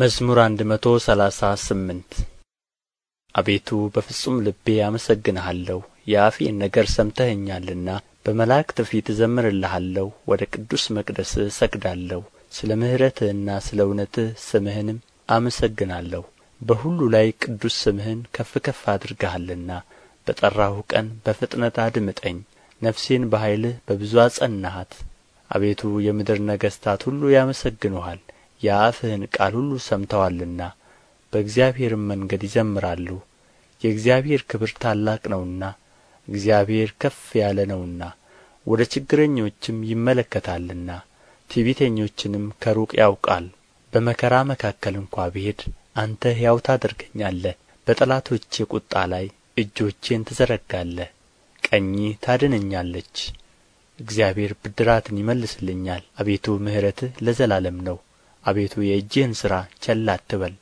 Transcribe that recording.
መዝሙር አንድ መቶ ሰላሳ ስምንት አቤቱ በፍጹም ልቤ አመሰግንሃለሁ፣ የአፌን ነገር ሰምተኸኛልና በመላእክት ፊት እዘምርልሃለሁ። ወደ ቅዱስ መቅደስህ እሰግዳለሁ፣ ስለ ምሕረትህና ስለ እውነትህ ስምህንም አመሰግናለሁ። በሁሉ ላይ ቅዱስ ስምህን ከፍ ከፍ አድርገሃልና በጠራሁ ቀን በፍጥነት አድምጠኝ። ነፍሴን በኃይልህ በብዙ አጸናሃት። አቤቱ የምድር ነገሥታት ሁሉ ያመሰግኑሃል። የአፍህን ቃል ሁሉ ሰምተዋልና በእግዚአብሔርም መንገድ ይዘምራሉ የእግዚአብሔር ክብር ታላቅ ነውና እግዚአብሔር ከፍ ያለ ነውና ወደ ችግረኞችም ይመለከታልና ትዕቢተኞችንም ከሩቅ ያውቃል በመከራ መካከል እንኳ ብሄድ አንተ ሕያው ታደርገኛለህ በጠላቶቼ ቁጣ ላይ እጆቼን ትዘረጋለህ ቀኝህ ታድነኛለች እግዚአብሔር ብድራትን ይመልስልኛል አቤቱ ምሕረትህ ለዘላለም ነው አቤቱ የእጅህን ሥራ ቸል አትበል